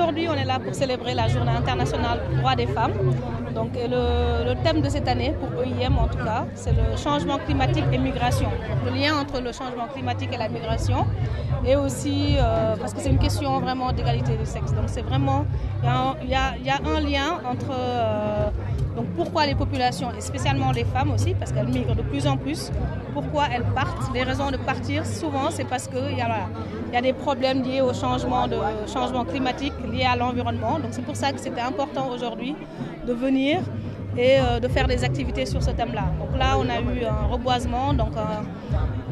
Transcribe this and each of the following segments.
Aujourd'hui, on est là pour célébrer la Journée internationale des droits des femmes. Donc, le, thème de cette année, pour EIM en tout cas, c'est le changement climatique et migration. Le lien entre le changement climatique et la migration. Et aussi, euh, parce que c'est une question vraiment d'égalité de sexe. Donc, c'est vraiment, il y, a un lien entre... Euh, donc pourquoi les populations, et spécialement les femmes aussi, parce qu'elles migrent de plus en plus, pourquoi elles partent Les raisons de partir, souvent, c'est parce qu'il y, a, des problèmes liés au changement, changement climatique, liés à l'environnement. Donc c'est pour ça que c'était important aujourd'hui de venir et euh, de faire des activités sur ce thème-là. Donc là, on a eu un reboisement, donc euh,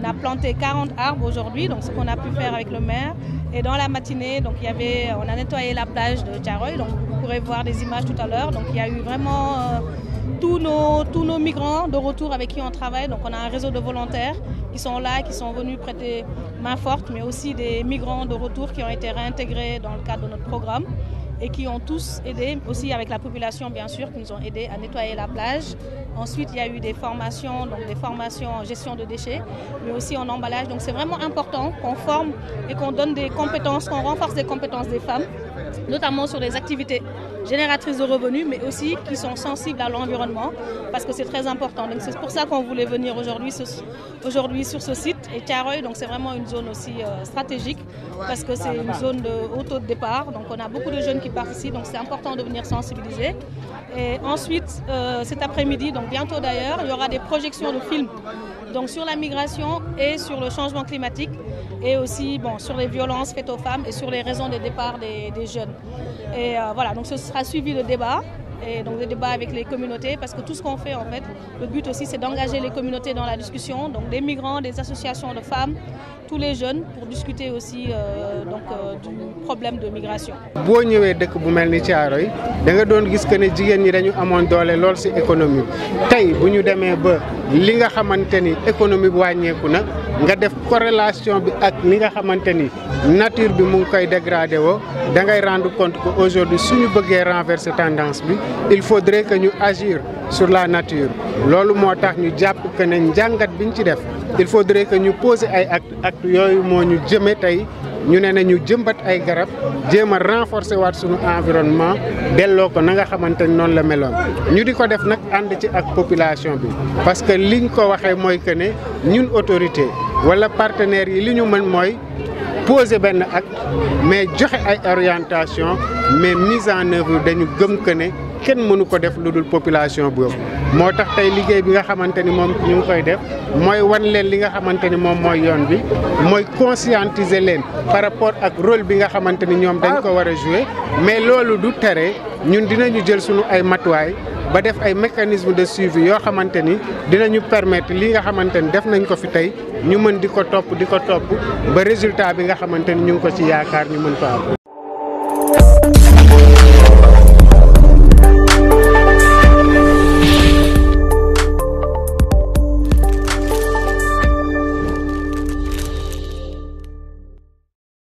on a planté 40 arbres aujourd'hui, donc ce qu'on a pu faire avec le maire. Et dans la matinée, donc il y avait, on a nettoyé la plage de Tcharoy, donc vous pourrez voir des images tout à l'heure. Donc il y a eu vraiment euh, tous, tous nos migrants de retour avec qui on travaille. Donc on a un réseau de volontaires qui sont là, qui sont venus prêter main forte, mais aussi des migrants de retour qui ont été réintégrés dans le cadre de notre programme et qui ont tous aidé, aussi avec la population bien sûr, qui nous ont aidés à nettoyer la plage. Ensuite, il y a eu des formations, donc des formations en gestion de déchets, mais aussi en emballage. Donc c'est vraiment important qu'on forme et qu'on donne des compétences, qu'on renforce les compétences des femmes notamment sur les activités génératrices de revenus, mais aussi qui sont sensibles à l'environnement, parce que c'est très important. c'est pour ça qu'on voulait venir aujourd'hui sur ce site. Et Tiaroy, donc c'est vraiment une zone aussi euh, stratégique, parce que c'est une zone de haut taux de départ. Donc on a beaucoup de jeunes qui partent ici, donc c'est important de venir sensibiliser. Et ensuite, euh, cet après-midi, donc bientôt d'ailleurs, il y aura des projections de films donc sur la migration et sur le changement climatique et aussi bon, sur les violences faites aux femmes et sur les raisons de départ des, jeunes. Et euh, voilà, donc ce sera suivi de débats et donc des débats avec les communautés parce que tout ce qu'on fait en fait, le but aussi c'est d'engager les communautés dans la discussion, donc des migrants, des associations de femmes, tous les jeunes pour discuter aussi euh, donc, euh, problème de migration. boo ñëwee dëkk bu mel ni Thiaroye da danga doon gis que ne jigéen ñi dañu amoon doole lool ci économie tey bu ñu demee ba li nga xamante ni économie wàññeeku nag nga def corrélation bi ak li nga xamante ni. nature bi mu ngi koy dégradé woo da ngay rendre compte que aujourd'hui suñu bëggee renverser tendance bi il faudrait que ñu agir sur la nature loolu moo tax ñu jàpp que ne njàngat biñ ci def il faudrait que ñu poser ay acte acte yooyu moo ñu jëme tey ñu ne ñu jëmbat ay garab jéem a renforcer waat suñu environnement delloo ko na nga xamante ni noonu la meloon ñu di ko def nag ànd ci ak population bi parce que liñ ko waxee mooy que ne ñun autorité wala partenaire yi li ñu mën mooy poser ben acte mais joxe ay orientation mais mise en œuvre dañu gëm que né kenn mënu ko def lu population bu motax tay liguey bi nga xamanteni mom ñu ngi koy def moy wan leen li nga xamanteni mom moy yoon bi moy conscientiser leen par rapport ak rôle bi nga xamanteni ñom dañ ko wara jouer mais loolu du téré ñun dinañu jël sunu ay matuwaay ba def ay mécanisme de suivi yoo xamante ni dinañu permettre lii nga xamante ni def nañ ko fi tey ñu mën di ko topp di ko topp ba résultat bi nga xamante ni ñu ngi ko ci yaakaar ñu mën ko